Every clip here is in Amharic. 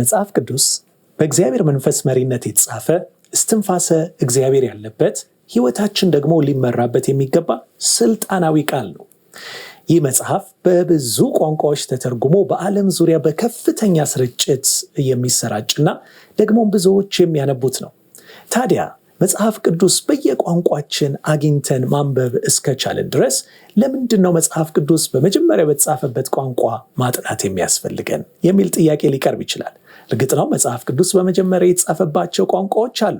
መጽሐፍ ቅዱስ በእግዚአብሔር መንፈስ መሪነት የተጻፈ እስትንፋሰ እግዚአብሔር ያለበት ሕይወታችን ደግሞ ሊመራበት የሚገባ ስልጣናዊ ቃል ነው። ይህ መጽሐፍ በብዙ ቋንቋዎች ተተርጉሞ በዓለም ዙሪያ በከፍተኛ ስርጭት የሚሰራጭና ደግሞም ብዙዎች የሚያነቡት ነው። ታዲያ መጽሐፍ ቅዱስ በየቋንቋችን አግኝተን ማንበብ እስከቻልን ድረስ ለምንድን ነው መጽሐፍ ቅዱስ በመጀመሪያ በተጻፈበት ቋንቋ ማጥናት የሚያስፈልገን የሚል ጥያቄ ሊቀርብ ይችላል። እርግጥ ነው መጽሐፍ ቅዱስ በመጀመሪያ የተጻፈባቸው ቋንቋዎች አሉ።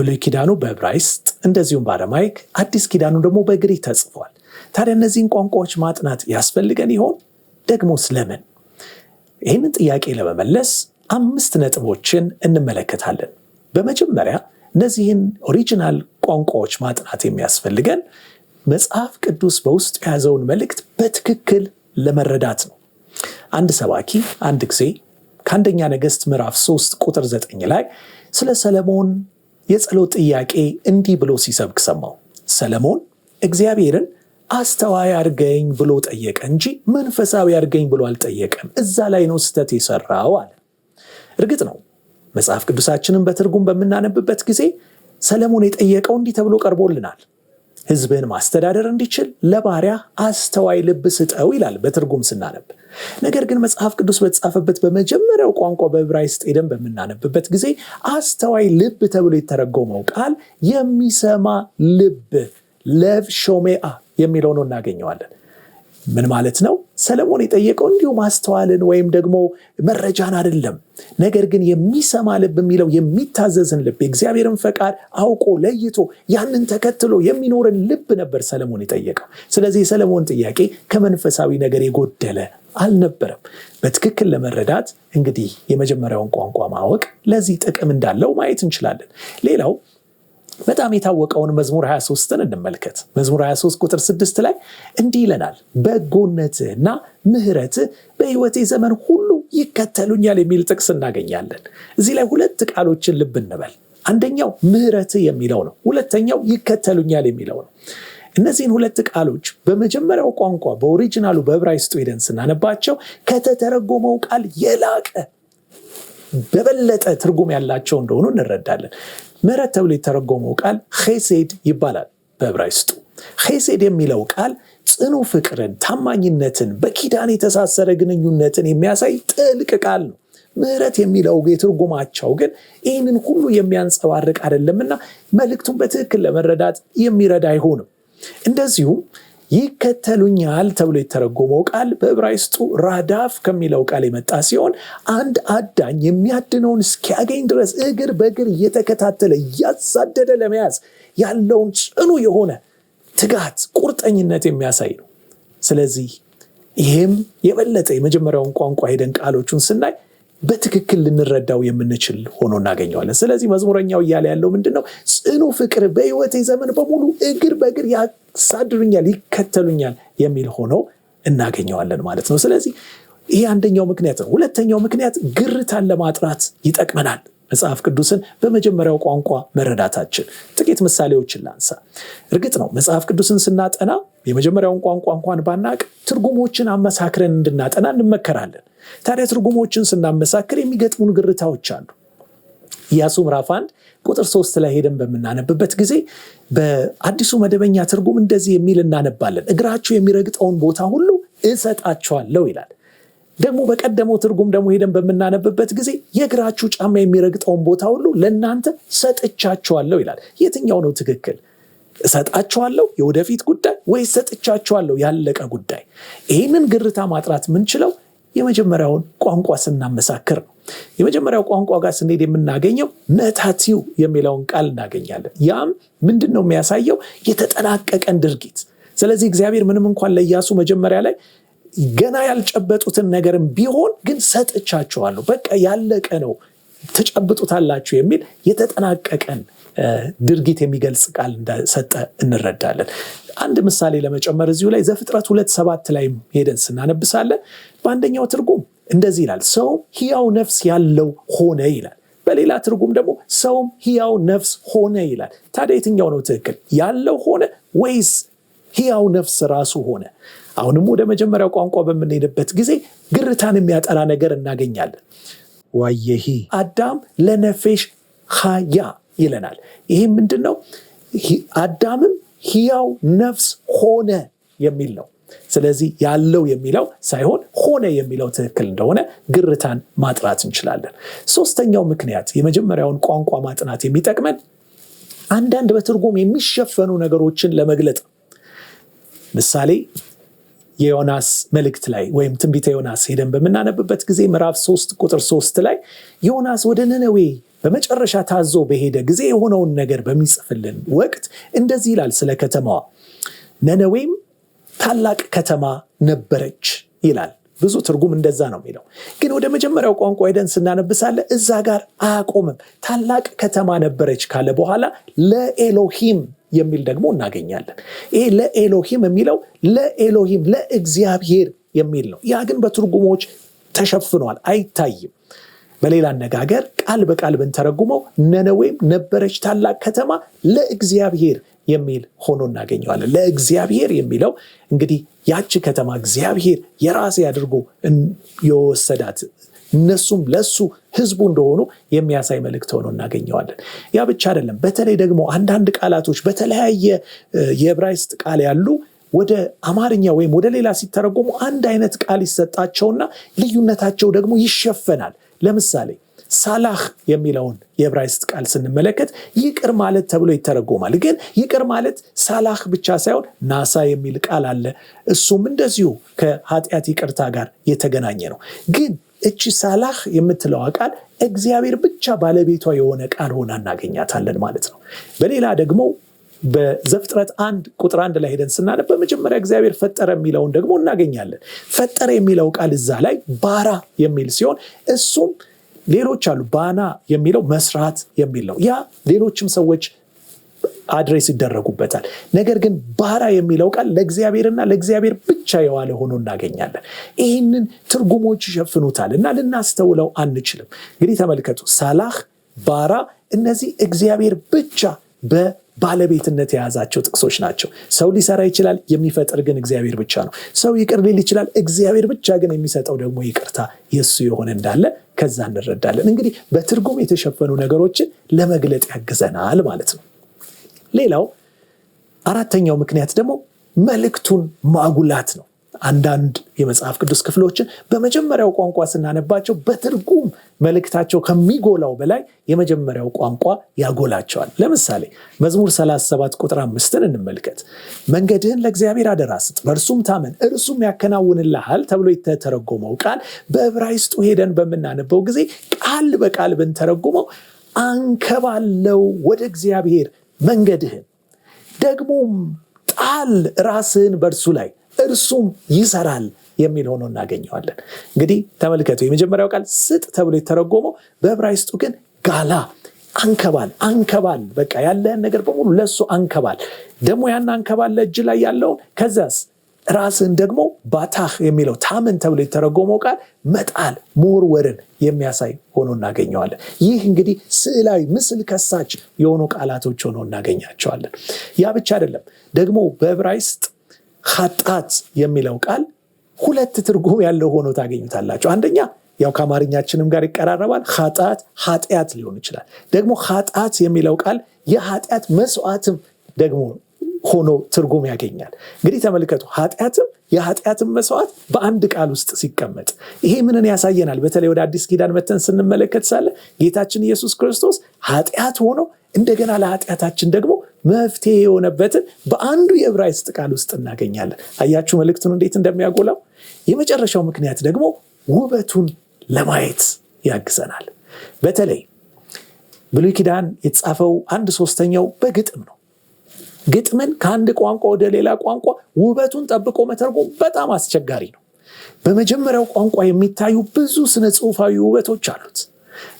ብሉይ ኪዳኑ በዕብራይስጥ እንደዚሁም በአረማይክ፣ አዲስ ኪዳኑ ደግሞ በግሪክ ተጽፏል። ታዲያ እነዚህን ቋንቋዎች ማጥናት ያስፈልገን ይሆን? ደግሞ ስለምን? ይህንን ጥያቄ ለመመለስ አምስት ነጥቦችን እንመለከታለን። በመጀመሪያ እነዚህን ኦሪጂናል ቋንቋዎች ማጥናት የሚያስፈልገን መጽሐፍ ቅዱስ በውስጡ የያዘውን መልእክት በትክክል ለመረዳት ነው። አንድ ሰባኪ አንድ ጊዜ ከአንደኛ ነገስት ምዕራፍ 3 ቁጥር 9 ላይ ስለ ሰለሞን የጸሎት ጥያቄ እንዲህ ብሎ ሲሰብክ ሰማው። ሰለሞን እግዚአብሔርን አስተዋይ አድርገኝ ብሎ ጠየቀ እንጂ መንፈሳዊ አድርገኝ ብሎ አልጠየቀም። እዛ ላይ ነው ስህተት የሰራው አለ። እርግጥ ነው መጽሐፍ ቅዱሳችንን በትርጉም በምናነብበት ጊዜ ሰለሞን የጠየቀው እንዲህ ተብሎ ቀርቦልናል። ህዝብን ማስተዳደር እንዲችል ለባሪያ አስተዋይ ልብ ስጠው ይላል በትርጉም ስናነብ። ነገር ግን መጽሐፍ ቅዱስ በተጻፈበት በመጀመሪያው ቋንቋ በብራይ ስጤደን በምናነብበት ጊዜ አስተዋይ ልብ ተብሎ የተረጎመው ቃል የሚሰማ ልብ ለቭ ሾሜአ የሚለው ነው እናገኘዋለን። ምን ማለት ነው? ሰለሞን የጠየቀው እንዲሁ ማስተዋልን ወይም ደግሞ መረጃን አይደለም። ነገር ግን የሚሰማ ልብ የሚለው የሚታዘዝን ልብ የእግዚአብሔርን ፈቃድ አውቆ ለይቶ ያንን ተከትሎ የሚኖርን ልብ ነበር ሰለሞን የጠየቀው። ስለዚህ የሰለሞን ጥያቄ ከመንፈሳዊ ነገር የጎደለ አልነበረም። በትክክል ለመረዳት እንግዲህ የመጀመሪያውን ቋንቋ ማወቅ ለዚህ ጥቅም እንዳለው ማየት እንችላለን። ሌላው በጣም የታወቀውን መዝሙር 23ን እንመልከት። መዝሙር 23 ቁጥር 6 ላይ እንዲህ ይለናል፣ በጎነትህና ምሕረትህ በህይወቴ ዘመን ሁሉ ይከተሉኛል የሚል ጥቅስ እናገኛለን። እዚህ ላይ ሁለት ቃሎችን ልብ እንበል። አንደኛው ምህረት የሚለው ነው። ሁለተኛው ይከተሉኛል የሚለው ነው። እነዚህን ሁለት ቃሎች በመጀመሪያው ቋንቋ በኦሪጂናሉ በዕብራይስጡ ሄደን ስናነባቸው ከተተረጎመው ቃል የላቀ በበለጠ ትርጉም ያላቸው እንደሆኑ እንረዳለን። ምረት ተብሎ የተረጎመው ቃል ሄሴድ ይባላል በዕብራይስጡ። ሴድ የሚለው ቃል ጽኑ ፍቅርን፣ ታማኝነትን፣ በኪዳን የተሳሰረ ግንኙነትን የሚያሳይ ጥልቅ ቃል ነው። ምረት የሚለው የትርጉማቸው ግን ይህንን ሁሉ የሚያንጸባርቅ አይደለምና መልእክቱን በትክክል ለመረዳት የሚረዳ አይሆንም። እንደዚሁም ይከተሉኛል ተብሎ የተረጎመው ቃል በዕብራይስጡ ራዳፍ ከሚለው ቃል የመጣ ሲሆን አንድ አዳኝ የሚያድነውን እስኪያገኝ ድረስ እግር በእግር እየተከታተለ እያሳደደ ለመያዝ ያለውን ጽኑ የሆነ ትጋት፣ ቁርጠኝነት የሚያሳይ ነው። ስለዚህ ይህም የበለጠ የመጀመሪያውን ቋንቋ ሄደን ቃሎቹን ስናይ በትክክል ልንረዳው የምንችል ሆኖ እናገኘዋለን። ስለዚህ መዝሙረኛው እያለ ያለው ምንድን ነው? ጽኑ ፍቅር በህይወቴ ዘመን በሙሉ እግር በእግር ያሳድሩኛል፣ ይከተሉኛል የሚል ሆኖ እናገኘዋለን ማለት ነው። ስለዚህ ይሄ አንደኛው ምክንያት ነው። ሁለተኛው ምክንያት ግርታን ለማጥራት ይጠቅመናል። መጽሐፍ ቅዱስን በመጀመሪያው ቋንቋ መረዳታችን። ጥቂት ምሳሌዎችን ላንሳ። እርግጥ ነው መጽሐፍ ቅዱስን ስናጠና የመጀመሪያውን ቋንቋ እንኳን ባናቅ ትርጉሞችን አመሳክረን እንድናጠና እንመከራለን። ታዲያ ትርጉሞችን ስናመሳክር የሚገጥሙን ግርታዎች አሉ። ኢያሱ ምዕራፍ አንድ ቁጥር ሶስት ላይ ሄደን በምናነብበት ጊዜ በአዲሱ መደበኛ ትርጉም እንደዚህ የሚል እናነባለን፣ እግራችሁ የሚረግጠውን ቦታ ሁሉ እሰጣችኋለሁ ይላል። ደግሞ በቀደመው ትርጉም ደግሞ ሄደን በምናነብበት ጊዜ የእግራችሁ ጫማ የሚረግጠውን ቦታ ሁሉ ለእናንተ ሰጥቻችኋለሁ ይላል። የትኛው ነው ትክክል? እሰጣችኋለሁ የወደፊት ጉዳይ ወይስ ሰጥቻችኋለሁ ያለቀ ጉዳይ? ይህንን ግርታ ማጥራት የምንችለው የመጀመሪያውን ቋንቋ ስናመሳክር ነው። የመጀመሪያው ቋንቋ ጋር ስንሄድ የምናገኘው ነታቲው የሚለውን ቃል እናገኛለን። ያም ምንድን ነው የሚያሳየው? የተጠናቀቀን ድርጊት። ስለዚህ እግዚአብሔር ምንም እንኳን ለእያሱ መጀመሪያ ላይ ገና ያልጨበጡትን ነገርም ቢሆን ግን ሰጥቻችኋለሁ፣ በቃ ያለቀ ነው ትጨብጡታላችሁ የሚል የተጠናቀቀን ድርጊት የሚገልጽ ቃል እንደሰጠ እንረዳለን። አንድ ምሳሌ ለመጨመር እዚሁ ላይ ዘፍጥረት ሁለት ሰባት ላይ ሄደን ስናነብሳለን። በአንደኛው ትርጉም እንደዚህ ይላል፣ ሰውም ሕያው ነፍስ ያለው ሆነ ይላል። በሌላ ትርጉም ደግሞ ሰውም ሕያው ነፍስ ሆነ ይላል። ታዲያ የትኛው ነው ትክክል? ያለው ሆነ ወይስ ሕያው ነፍስ ራሱ ሆነ? አሁንም ወደ መጀመሪያው ቋንቋ በምንሄድበት ጊዜ ግርታን የሚያጠራ ነገር እናገኛለን። ዋየሂ አዳም ለነፌሽ ሀያ ይለናል። ይህ ምንድን ነው? አዳምም ህያው ነፍስ ሆነ የሚል ነው። ስለዚህ ያለው የሚለው ሳይሆን ሆነ የሚለው ትክክል እንደሆነ ግርታን ማጥራት እንችላለን። ሶስተኛው ምክንያት የመጀመሪያውን ቋንቋ ማጥናት የሚጠቅመን አንዳንድ በትርጉም የሚሸፈኑ ነገሮችን ለመግለጥ ምሳሌ የዮናስ መልእክት ላይ ወይም ትንቢተ ዮናስ ሄደን በምናነብበት ጊዜ ምዕራፍ ሶስት ቁጥር ሶስት ላይ ዮናስ ወደ ነነዌ በመጨረሻ ታዞ በሄደ ጊዜ የሆነውን ነገር በሚጽፍልን ወቅት እንደዚህ ይላል ስለ ከተማዋ ነነዌም ታላቅ ከተማ ነበረች ይላል ብዙ ትርጉም እንደዛ ነው የሚለው። ግን ወደ መጀመሪያው ቋንቋ ሄደን ስናነብሳለ እዛ ጋር አያቆምም። ታላቅ ከተማ ነበረች ካለ በኋላ ለኤሎሂም የሚል ደግሞ እናገኛለን። ይሄ ለኤሎሂም የሚለው ለኤሎሂም ለእግዚአብሔር የሚል ነው። ያ ግን በትርጉሞች ተሸፍኗል፣ አይታይም። በሌላ አነጋገር ቃል በቃል ብንተረጉመው ነነዌም ነበረች ታላቅ ከተማ ለእግዚአብሔር የሚል ሆኖ እናገኘዋለን። ለእግዚአብሔር የሚለው እንግዲህ ያቺ ከተማ እግዚአብሔር የራሴ አድርጎ የወሰዳት እነሱም ለሱ ህዝቡ እንደሆኑ የሚያሳይ መልእክት ሆኖ እናገኘዋለን። ያ ብቻ አይደለም። በተለይ ደግሞ አንዳንድ ቃላቶች በተለያየ የዕብራይስጥ ቃል ያሉ ወደ አማርኛ ወይም ወደ ሌላ ሲተረጎሙ አንድ አይነት ቃል ይሰጣቸውና ልዩነታቸው ደግሞ ይሸፈናል። ለምሳሌ ሳላህ የሚለውን የዕብራይስጥ ቃል ስንመለከት ይቅር ማለት ተብሎ ይተረጎማል። ግን ይቅር ማለት ሳላህ ብቻ ሳይሆን ናሳ የሚል ቃል አለ። እሱም እንደዚሁ ከኃጢአት ይቅርታ ጋር የተገናኘ ነው። ግን እቺ ሳላህ የምትለዋ ቃል እግዚአብሔር ብቻ ባለቤቷ የሆነ ቃል ሆና እናገኛታለን ማለት ነው። በሌላ ደግሞ በዘፍጥረት አንድ ቁጥር አንድ ላይ ሄደን ስናነብ በመጀመሪያ እግዚአብሔር ፈጠረ የሚለውን ደግሞ እናገኛለን። ፈጠረ የሚለው ቃል እዛ ላይ ባራ የሚል ሲሆን እሱም ሌሎች አሉ። ባና የሚለው መስራት የሚል ነው። ያ ሌሎችም ሰዎች አድሬስ ይደረጉበታል። ነገር ግን ባራ የሚለው ቃል ለእግዚአብሔርና ለእግዚአብሔር ብቻ የዋለ ሆኖ እናገኛለን። ይህንን ትርጉሞች ይሸፍኑታል እና ልናስተውለው አንችልም። እንግዲህ ተመልከቱ፣ ሳላህ፣ ባራ እነዚህ እግዚአብሔር ብቻ በ ባለቤትነት የያዛቸው ጥቅሶች ናቸው። ሰው ሊሰራ ይችላል፣ የሚፈጥር ግን እግዚአብሔር ብቻ ነው። ሰው ይቅር ሊል ይችላል፣ እግዚአብሔር ብቻ ግን የሚሰጠው ደግሞ ይቅርታ የእሱ የሆነ እንዳለ ከዛ እንረዳለን። እንግዲህ በትርጉም የተሸፈኑ ነገሮችን ለመግለጥ ያግዘናል ማለት ነው። ሌላው አራተኛው ምክንያት ደግሞ መልእክቱን ማጉላት ነው። አንዳንድ የመጽሐፍ ቅዱስ ክፍሎችን በመጀመሪያው ቋንቋ ስናነባቸው በትርጉም መልእክታቸው ከሚጎላው በላይ የመጀመሪያው ቋንቋ ያጎላቸዋል። ለምሳሌ መዝሙር 37 ቁጥር አምስትን እንመልከት። መንገድህን ለእግዚአብሔር አደራ ስጥ፣ በእርሱም ታመን፣ እርሱም ያከናውንልሃል ተብሎ የተተረጎመው ቃል በዕብራይስጡ ሄደን በምናነበው ጊዜ ቃል በቃል ብንተረጉመው አንከባለው ወደ እግዚአብሔር መንገድህን ደግሞም ጣል ራስህን በእርሱ ላይ እርሱም ይሰራል የሚል ሆኖ እናገኘዋለን። እንግዲህ ተመልከቱ፣ የመጀመሪያው ቃል ስጥ ተብሎ የተረጎመው በዕብራይስጡ ግን ጋላ አንከባል አንከባል፣ በቃ ያለህን ነገር በሙሉ ለሱ አንከባል። ደግሞ ያን አንከባል ለእጅ ላይ ያለውን ከዚያስ ራስን ደግሞ ባታህ የሚለው ታምን ተብሎ የተረጎመው ቃል መጣል መወርወርን የሚያሳይ ሆኖ እናገኘዋለን። ይህ እንግዲህ ስዕላዊ ምስል ከሳች የሆኑ ቃላቶች ሆኖ እናገኛቸዋለን። ያ ብቻ አይደለም ደግሞ በዕብራይስጥ ኃጢአት የሚለው ቃል ሁለት ትርጉም ያለው ሆኖ ታገኙታላቸው አንደኛ ያው ከአማርኛችንም ጋር ይቀራረባል። ኃጢአት ኃጢአት ሊሆን ይችላል። ደግሞ ኃጢአት የሚለው ቃል የኃጢአት መስዋዕትም ደግሞ ሆኖ ትርጉም ያገኛል። እንግዲህ ተመልከቱ፣ ኃጢአትም የኃጢአትም መስዋዕት በአንድ ቃል ውስጥ ሲቀመጥ ይሄ ምንን ያሳየናል? በተለይ ወደ አዲስ ኪዳን መተን ስንመለከት ሳለ ጌታችን ኢየሱስ ክርስቶስ ኃጢአት ሆኖ እንደገና ለኃጢአታችን ደግሞ መፍትሄ የሆነበትን በአንዱ የዕብራይስጥ ቃል ውስጥ እናገኛለን። አያችሁ መልእክቱን እንዴት እንደሚያጎላው። የመጨረሻው ምክንያት ደግሞ ውበቱን ለማየት ያግዘናል። በተለይ ብሉይ ኪዳን የተጻፈው አንድ ሶስተኛው በግጥም ነው። ግጥምን ከአንድ ቋንቋ ወደ ሌላ ቋንቋ ውበቱን ጠብቆ መተርጎም በጣም አስቸጋሪ ነው። በመጀመሪያው ቋንቋ የሚታዩ ብዙ ስነ ጽሑፋዊ ውበቶች አሉት።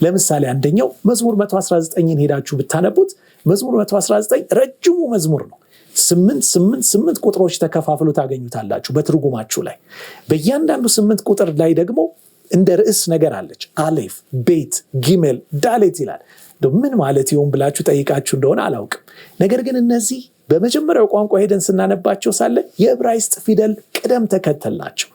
ለምሳሌ አንደኛው መዝሙር 119ን ሄዳችሁ ብታነቡት መዝሙር 119 ረጅሙ መዝሙር ነው። ስምንት ስምንት ስምንት ቁጥሮች ተከፋፍሎ ታገኙታላችሁ በትርጉማችሁ ላይ። በእያንዳንዱ ስምንት ቁጥር ላይ ደግሞ እንደ ርዕስ ነገር አለች። አሌፍ፣ ቤት፣ ጊሜል፣ ዳሌት ይላል። ምን ማለት ይሆን ብላችሁ ጠይቃችሁ እንደሆነ አላውቅም። ነገር ግን እነዚህ በመጀመሪያው ቋንቋ ሄደን ስናነባቸው ሳለ የዕብራይስጥ ፊደል ቅደም ተከተል ናቸው።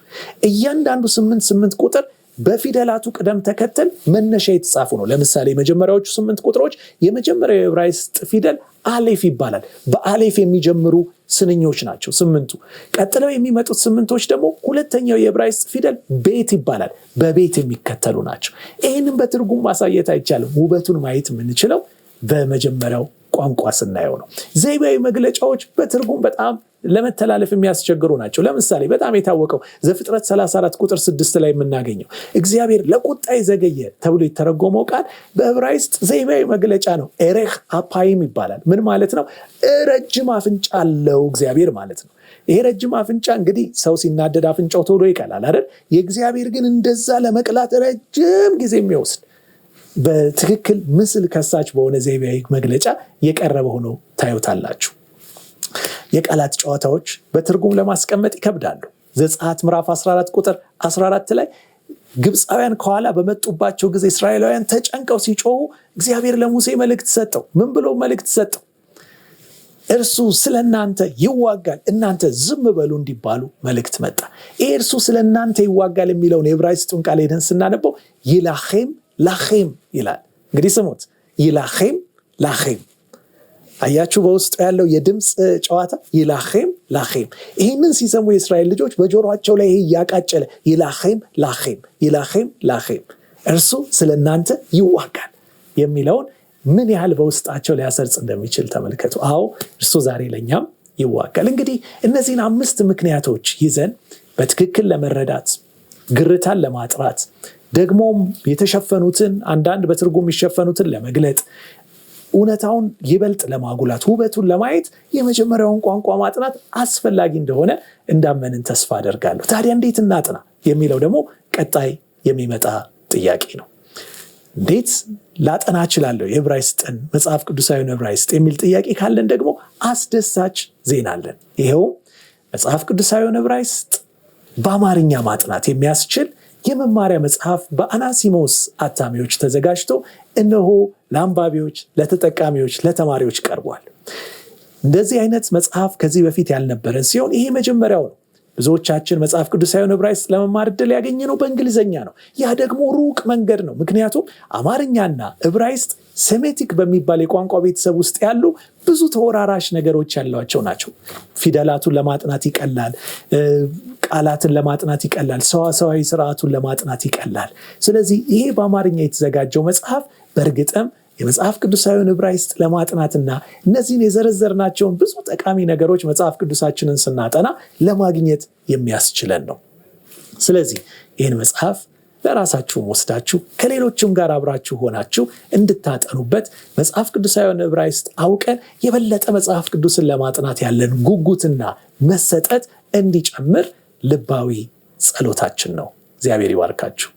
እያንዳንዱ ስምንት ስምንት ቁጥር በፊደላቱ ቅደም ተከተል መነሻ የተጻፉ ነው። ለምሳሌ የመጀመሪያዎቹ ስምንት ቁጥሮች የመጀመሪያው የዕብራይስጥ ፊደል አሌፍ ይባላል። በአሌፍ የሚጀምሩ ስንኞች ናቸው ስምንቱ። ቀጥለው የሚመጡት ስምንቶች ደግሞ ሁለተኛው የዕብራይስጥ ፊደል ቤት ይባላል። በቤት የሚከተሉ ናቸው። ይህንም በትርጉም ማሳየት አይቻልም። ውበቱን ማየት የምንችለው በመጀመሪያው ቋንቋ ስናየው ነው። ዘይቤያዊ መግለጫዎች በትርጉም በጣም ለመተላለፍ የሚያስቸግሩ ናቸው። ለምሳሌ በጣም የታወቀው ዘፍጥረት 34 ቁጥር 6 ላይ የምናገኘው እግዚአብሔር ለቁጣ ዘገየ ተብሎ የተረጎመው ቃል በዕብራይስጥ ዘይማዊ መግለጫ ነው። ኤሬህ አፓይም ይባላል። ምን ማለት ነው? ረጅም አፍንጫ አለው እግዚአብሔር ማለት ነው። ይሄ ረጅም አፍንጫ እንግዲህ ሰው ሲናደድ አፍንጫው ቶሎ ይቀላል አይደል? የእግዚአብሔር ግን እንደዛ ለመቅላት ረጅም ጊዜ የሚወስድ በትክክል ምስል ከሳች በሆነ ዘይቤያዊ መግለጫ የቀረበ ሆኖ ታዩታላችሁ። የቃላት ጨዋታዎች በትርጉም ለማስቀመጥ ይከብዳሉ። ዘጸአት ምዕራፍ 14 ቁጥር 14 ላይ ግብፃውያን ከኋላ በመጡባቸው ጊዜ እስራኤላውያን ተጨንቀው ሲጮሁ እግዚአብሔር ለሙሴ መልእክት ሰጠው። ምን ብሎ መልእክት ሰጠው? እርሱ ስለ እናንተ ይዋጋል፣ እናንተ ዝም በሉ እንዲባሉ መልእክት መጣ። ይህ እርሱ ስለ እናንተ ይዋጋል የሚለውን የዕብራይስጡን ቃል ሄደን ስናነበው ይላኼም ላኼም ይላል። እንግዲህ ስሙት፣ ይላኼም ላኼም አያችሁ በውስጡ ያለው የድምፅ ጨዋታ ይላኼም ላኼም። ይህንን ሲሰሙ የእስራኤል ልጆች በጆሮቸው ላይ ይሄ እያቃጨለ ይላኼም ላኼም ይላኼም ላኼም እርሱ ስለ እናንተ ይዋጋል የሚለውን ምን ያህል በውስጣቸው ሊያሰርጽ እንደሚችል ተመልከቱ። አዎ እርሱ ዛሬ ለእኛም ይዋጋል። እንግዲህ እነዚህን አምስት ምክንያቶች ይዘን በትክክል ለመረዳት ግርታን ለማጥራት ደግሞም የተሸፈኑትን አንዳንድ በትርጉም የሚሸፈኑትን ለመግለጥ እውነታውን ይበልጥ ለማጉላት ውበቱን ለማየት የመጀመሪያውን ቋንቋ ማጥናት አስፈላጊ እንደሆነ እንዳመንን ተስፋ አደርጋለሁ። ታዲያ እንዴት እናጥና የሚለው ደግሞ ቀጣይ የሚመጣ ጥያቄ ነው። እንዴት ላጠና ችላለሁ የዕብራይስጥን መጽሐፍ ቅዱሳዊን ዕብራይስጥ የሚል ጥያቄ ካለን ደግሞ አስደሳች ዜና አለን። ይኸውም መጽሐፍ ቅዱሳዊን ዕብራይስጥ በአማርኛ ማጥናት የሚያስችል የመማሪያ መጽሐፍ በአናሲሞስ አታሚዎች ተዘጋጅቶ እነሆ ለአንባቢዎች፣ ለተጠቃሚዎች፣ ለተማሪዎች ቀርቧል። እንደዚህ አይነት መጽሐፍ ከዚህ በፊት ያልነበረን ሲሆን ይሄ መጀመሪያው ነው። ብዙዎቻችን መጽሐፍ ቅዱሳዊውን ዕብራይስጥ ለመማር ያገኘ ነው በእንግሊዝኛ ነው። ያ ደግሞ ሩቅ መንገድ ነው። ምክንያቱም አማርኛና ዕብራይስጥ ሴሜቲክ በሚባል የቋንቋ ቤተሰብ ውስጥ ያሉ ብዙ ተወራራሽ ነገሮች ያሏቸው ናቸው። ፊደላቱን ለማጥናት ይቀላል። ቃላትን ለማጥናት ይቀላል። ሰዋሰዋዊ ስርዓቱን ለማጥናት ይቀላል። ስለዚህ ይሄ በአማርኛ የተዘጋጀው መጽሐፍ በእርግጥም የመጽሐፍ ቅዱሳዊውን ዕብራይስጥ ለማጥናትና እነዚህን የዘረዘርናቸውን ብዙ ጠቃሚ ነገሮች መጽሐፍ ቅዱሳችንን ስናጠና ለማግኘት የሚያስችለን ነው። ስለዚህ ይህን መጽሐፍ ለራሳችሁም ወስዳችሁ ከሌሎችም ጋር አብራችሁ ሆናችሁ እንድታጠኑበት መጽሐፍ ቅዱሳዊውን ዕብራይስጥ አውቀን የበለጠ መጽሐፍ ቅዱስን ለማጥናት ያለን ጉጉትና መሰጠት እንዲጨምር ልባዊ ጸሎታችን ነው። እግዚአብሔር ይባርካችሁ።